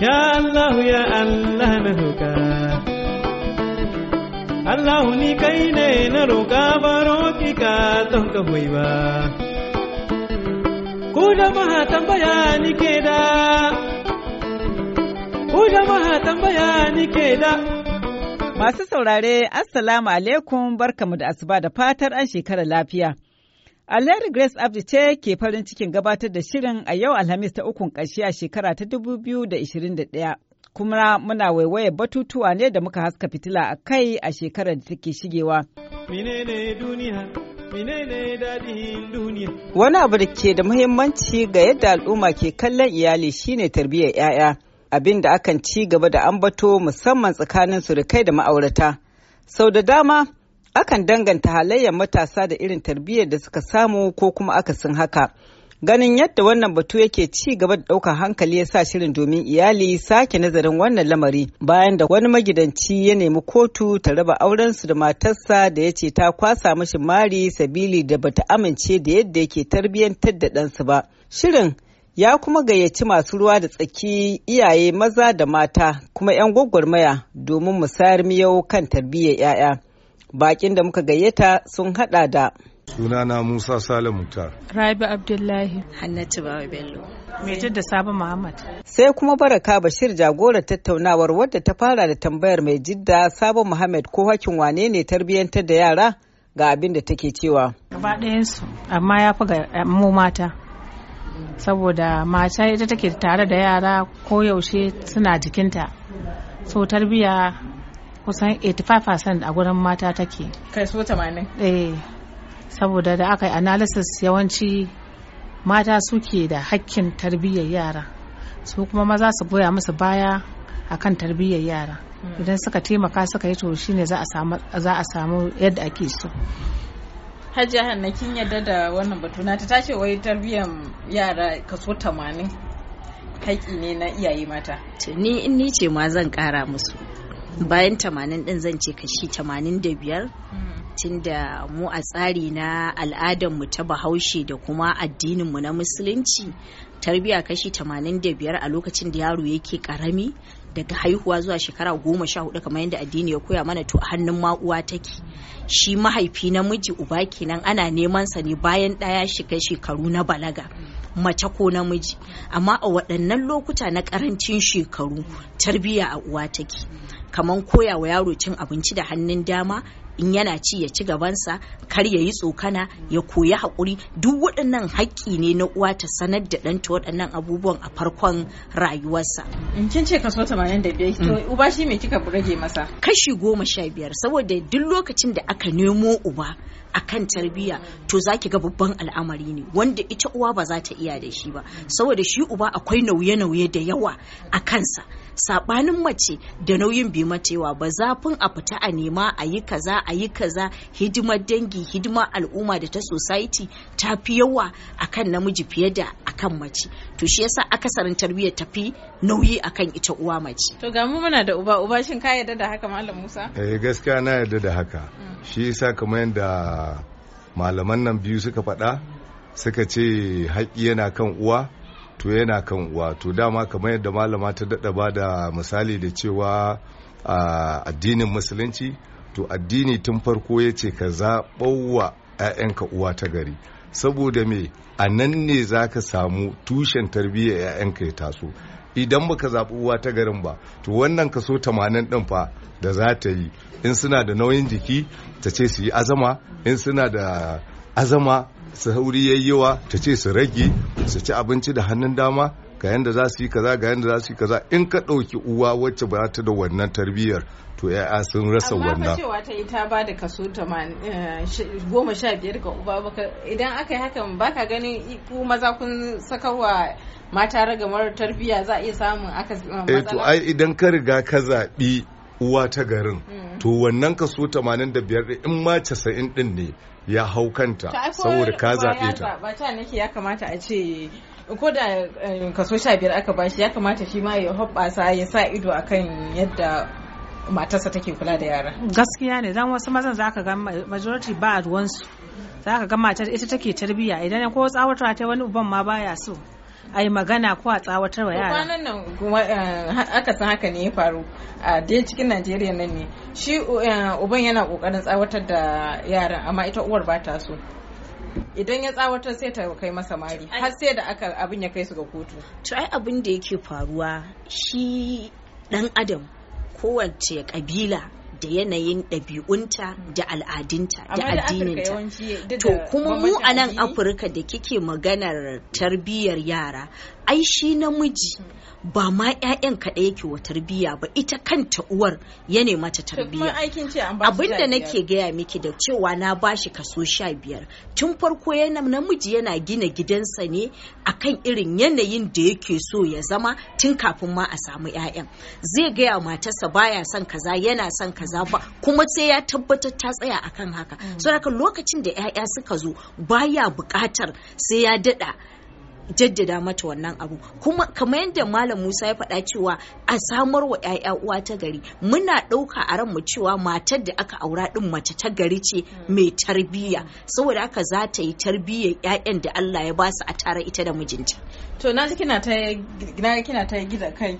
Ya Allah ya Allah na roƙa Allah ni kai ne na roƙa baro ki ka don ka hoyi ba Ku jama'a tambaya ni ke da Ku jama'a tambaya ni ke da Masu saurare Assalamu alaikum barkamu da asuba da fatar an shekara lafiya Alheri Grace Abdi ce ke farin cikin gabatar da shirin a yau Alhamis ta ukun ƙarshe a shekara ta 2021. Kuma muna waiwaye batutuwa ne da muka haska fitila a kai a shekarar da take shigewa. Wani abu da ke da muhimmanci ga yadda al'umma ke kallon iyali shine tarbiyyar 'ya'ya, abin da akan ci gaba da ambato musamman tsakanin surukai da ma'aurata. Sau da dama, akan danganta halayyar matasa da irin tarbiyyar da suka samu ko kuma akasin haka. Ganin yadda wannan batu yake ci gaba da ɗaukar hankali ya sa shirin domin iyali sake nazarin wannan lamari bayan da wani magidanci ya nemi kotu ta raba aurensu da matarsa da ya ce ta kwasa mashi mari sabili da bata amince da yadda yake tarbiyyantar da ɗansu ba. Shirin ya kuma gayyaci masu ruwa da tsaki iyaye maza da mata kuma 'yan gwaggwarmaya domin musayar miyau kan tarbiyyar 'ya'ya. Bakin da muka gayyata sun hada da Sunana Musa Salim Muktar. Rabi Abdullahi. Hannatu Bawa Bello. Mai da Sabo Muhammad. Sai kuma Baraka Bashir jagorar tattaunawar wadda ta fara da tambayar mai jidda sabon Muhammad ko hakin wane ne tarbiyyantar da yara ga abin da take cewa. Gaba ɗayansu amma ya fi ga eh, mu mata. Saboda mata ita take tare da yara ko yaushe suna jikinta. So tarbiyya kusan 85% a gurin mata take kai so 80 eh saboda da aka yi analysis yawanci mata suke da hakkin tarbiyyar yara su kuma maza su goya musu baya akan tarbiyyar yara hmm. idan suka taimaka suka yi to shine za a samu yadda ake so hajiya hanna hannakin yadda da wannan batu na ta ce wai tarbiyyar yara kaso 80 haƙi ne na iyaye mata ni ce ma zan kara musu bayan tamanin din zan ce kashi tamanin da biyar hmm. tunda mu a tsari na al'adarmu ta bahaushe da kuma addininmu na musulunci tarbiya kashi tamanin da biyar a lokacin da yaro yake karami daga haihuwa zuwa shekara goma sha hudu kamar yadda addini ya koya mana to a hannun ma'uwa take shi mahaifi namiji uba kenan ana neman sa ne bayan ɗaya shiga shekaru na balaga mace ko namiji amma a waɗannan lokuta na ƙarancin shekaru tarbiya a uwa take kamar koya wa yaro cin abinci da hannun dama in yana ci ya ci gabansa kar ya yi tsokana ya koyi haƙuri duk waɗannan haƙƙi ne na uwa ta sanar da ɗanta waɗannan abubuwan a farkon rayuwarsa. in kin ce kaso tamanin da biyar to mm. uba shi me kika rage masa. kashi goma sha biyar saboda duk lokacin da aka nemo uba akan tarbiyya to za ki ga babban al'amari ne wanda ita uwa ba za ta iya da shi ba saboda shi uba akwai nauye-nauye da yawa a kansa sabanin mace da nauyin bi matewa ba zafin a fita a nema a yi kaza a yi kaza hidimar dangi hidimar al'umma da ta society ta fi yawa akan namiji fiye da akan mace to shi yasa akasarin tarbiyyar tafi nauyi akan ita uwa mace to ga mu muna da uba uba shin ka yarda da haka malam Musa eh gaskiya na yarda da haka mm. shi yasa kamar yadda malaman nan biyu suka faɗa suka ce haƙƙi yana kan uwa to yana kan uwa to dama kamar yadda malama ta daɗa ba da misali da cewa a addinin musulunci to addini tun farko ya ce ka zaɓauwa 'ya'yanka uwa ta gari saboda me a nan ne za ka samu tushen tarbiyyar 'ya'yanka ya taso idan baka zaɓi uwa ta garin ba to wannan kaso 80 ɗin fa da za ta yi in suna da nauyin jiki ta ce su yi azama in suna da azama sauri yayyawa ta ce su rage su ci abinci da hannun dama ga yanda za su yi kaza ga yanda za su yi kaza in ka ɗauki uwa wacce ba ta da wannan tarbiyyar to ya'ya sun rasa wannan amma cewa ta yi ta bada kaso eh, goma sha biyar ga uba idan aka yi hakan baka ganin ku maza kun sakawa mata ragamar tarbiyya za a iya samun aka eh, eh, matsala to ai idan ka riga ka zaɓi uwa ta garin mm. to wannan kaso 85 in ma 90 din ne ya hau kanta saboda ka zaɓe ta ba ta nake ya kamata a ce ko da eh, kaso sha biyar aka bashi ya kamata shi ma ya sa ya sa ido akan yadda matarsa take kula da yara gaskiya ne dan wasu mazan za ka ga majority ba a ruwansu za ka ga matar ita take tarbiyya idan ko tsawatar ta wani uban ma baya so a magana ko a tsawatar wa yara kwanan nan eh, aka san haka ne ya faru a dai cikin najeriya nan ne shi eh, uban yana kokarin tsawatar da yaran amma ita uwar ba ta so idan ya tsawatar sai ta kai masa mari har sai da aka abin ya kai su ga kotu to ai abin da yake faruwa shi dan adam kowace kabila da yanayin ɗabi'unta da al'adinta da addininta to kuma mu a nan afirka da kike maganar tarbiyyar yara ai shi namiji mm-hmm. ba ma 'ya'yan kaɗai yake wa tarbiyya ba ita kanta uwar ya nema ta tarbiyya abinda nake gaya miki da cewa na bashi kaso sha biyar tun farko yana namiji yana gina gidansa ne akan irin yanayin da yake so ya zama tun kafin ma a samu 'ya'yan zai gaya matarsa baya son kaza yana son kaza kaza ba kuma sai ya tabbatar ta tsaya akan haka mm. saboda lokacin da 'ya'ya suka zo baya buƙatar sai ya daɗa jaddada mata wannan abu kuma kamar yadda malam musa ya faɗa cewa a samar wa 'ya'ya uwa ta gari muna ɗauka a ranmu cewa matar da aka aura ɗin mace ta gari ce mm. mai tarbiyya saboda haka za ta yi tarbiyyar 'ya'yan da allah ya basu a tare ita da mijinta to na ji kina ta kina ta gida kai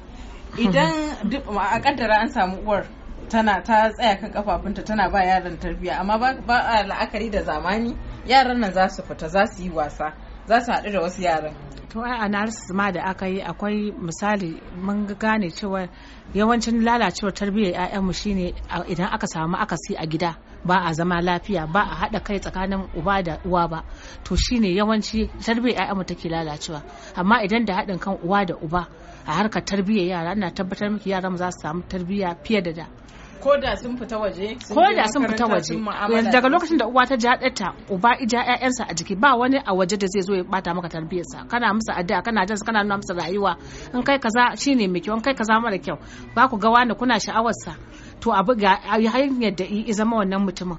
idan a kaddara an samu uwar tana ta tsaya kan kafafunta tana ba yaran tarbiyya amma ba a la'akari da zamani yaran nan za su fita za su yi wasa za su haɗu da wasu yaran to ai analysis ma da aka yi akwai misali mun gane cewa yawancin lalacewar tarbiyyar mu shine idan aka samu akasi a gida ba a zama lafiya ba a haɗa kai tsakanin uba da uwa ba to shine yawanci tarbiyyar 'ya'yanmu take lalacewa amma idan da haɗin kan uwa da uba a harkar tarbiyyar yara ana tabbatar miki yaran za su samu tarbiyya fiye da da ko da sun fita waje ko da sun fita waje daga lokacin da uwa ta ja ɗata uba ija ƴaƴansa a jiki ba wani a waje da zai zo ya bata maka tarbiyarsa kana musu addu'a kana jansa kana nuna musu rayuwa in kai kaza shine mai kyau in kai kaza mara kyau ba ku ga wani kuna sha'awarsa to a ga hanyar da i zama wannan mutumin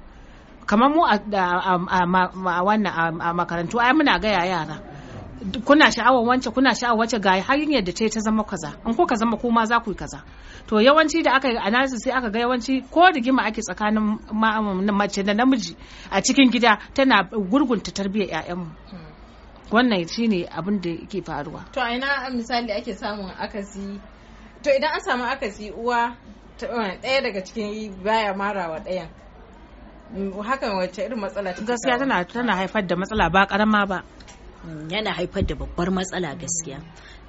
kamar mu a wannan a makarantu ai muna gaya yara kuna sha'awar wance kuna sha'awar wace ga hanyar da ta ta zama kaza in ko ka zama kuma za ku yi kaza to yawanci da aka yi analysis sai aka ga yawanci ko rigima ake tsakanin mace da namiji a cikin gida tana gurgunta tarbiyyar 'ƴa'ƴanmu wannan shine abin da yake faruwa to a ina misali ake samun akasi to idan an samu akasi uwa eh, ɗaya daga cikin baya marawa ɗayan hakan wace irin matsala gaskiya tana haifar da matsala ba karama ba yana haifar da babbar matsala gaskiya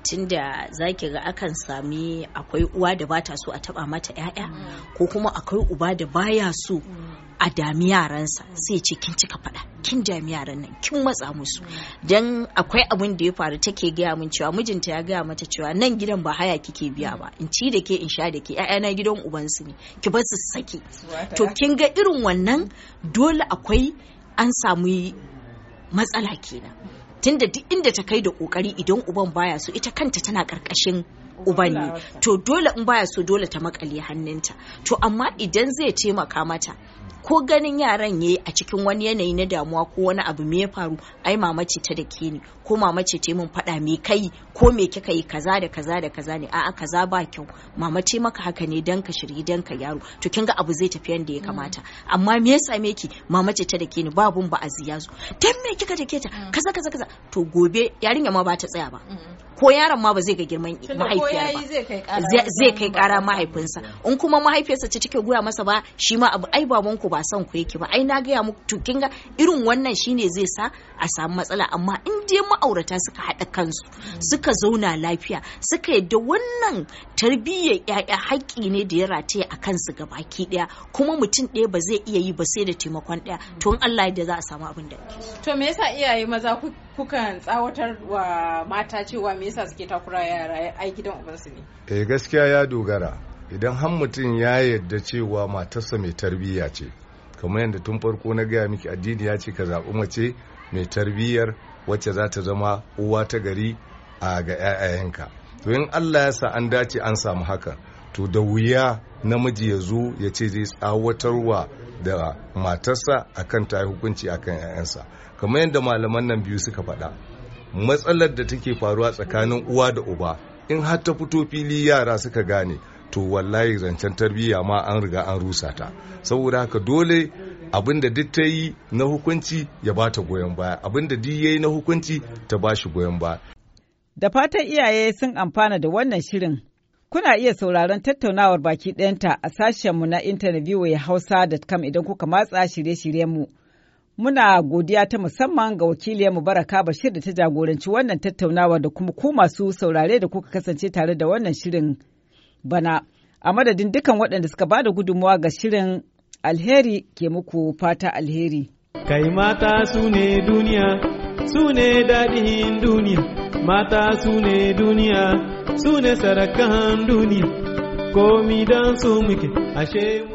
tunda za ki ga akan sami akwai uwa da ba ta so a taba mata 'ya'ya mm. ko kuma akwai uba da baya so mm. a dami yaransa sai ce kin cika faɗa kin dami yaran nan kin matsa musu mm. dan akwai abin da ya faru take gaya min cewa mijinta ya gaya mata cewa nan gidan ba haya kike biya ba in ci da ke in sha da ke ƴaƴana gidan ubansu ne ki bar su saki to kin ga irin wannan dole akwai an samu matsala kenan tunda duk inda ta kai da kokari idan uban baya so ita kanta tana karkashin uban ne to dole in baya so dole ta makale hannunta to amma idan zai taimaka mata ko ganin yaran yayi a cikin wani yanayi na damuwa ko wani abu me ya faru ai mama ce ta dake ni ko mama ce ta mun faɗa me kai ko me kika yi kaza da kaza da kaza ne a'a kaza ba kyau mama ce maka haka ne dan ka shirye dan ka yaro to kin ga abu zai tafi yanda ya kamata amma me ya me ki mama ce ta dake ni babun ba aziya zo dan me kika dake ta mm. kaza kaza kaza to gobe yarinya ma ba ta tsaya ba ko yaron ma ba zai ga girman mahaifiyar ba zai kai kara mahaifinsa in kuma mahaifiyarsa ce take goya masa ba shi ma abu ai babanku ba son ku yake ba ai na gaya muku tukinga'! kin ga irin wannan shine zai sa a samu matsala amma in dai ma'aurata suka haɗa kansu suka zauna lafiya suka yadda wannan tarbiyyar 'ya'ya haƙƙi ne da ya rataya a kansu gabaki daya, kuma mutum ɗaya ba zai iya yi ba sai da taimakon ɗaya to in Allah yadda za a samu abin da ke. to me yasa iyaye maza kukan tsawatar wa mata cewa me yasa suke takura yara ai gidan ubansu ne eh gaskiya ya dogara idan har mutum ya yarda cewa matarsa mai tarbiyya ce kamar yadda tun farko na gaya miki addini ya ce ka zaɓi mace mai tarbiyyar wacce za ta zama uwa ta gari a ga 'ya'yayenka to in allah ya sa an dace an samu hakan to da wuya namiji ya zo ya ce zai tsawatarwa da matarsa akan ta hukunci akan 'ya'yansa kamar yadda malaman nan biyu suka faɗa matsalar da take faruwa tsakanin uwa da uba in har ta fito fili yara suka gane to wallahi zancen tarbiyya ma an riga an rusa ta saboda haka dole abinda duk ta yi na hukunci ya ba ta goyon baya abinda duk ya yi na hukunci ta ba shi goyon baya. Da fatan iyaye sun amfana da wannan shirin kuna iya sauraron tattaunawar baki ɗayanta a sashenmu na intanet ya hausa.com idan kuka matsa shirye-shiryenmu. Muna godiya ta musamman ga wakiliyarmu Baraka Bashir da ta jagoranci wannan tattaunawar da kuma ku masu saurare da kuka kasance tare da wannan shirin bana. A madadin dukan waɗanda suka bada gudunmawa ga shirin alheri ke muku fata alheri. Kai mata su ne duniya, su ne daɗin duniya, mata su ne duniya, su ne sarakan duniya, komi don su muke, ashe mu.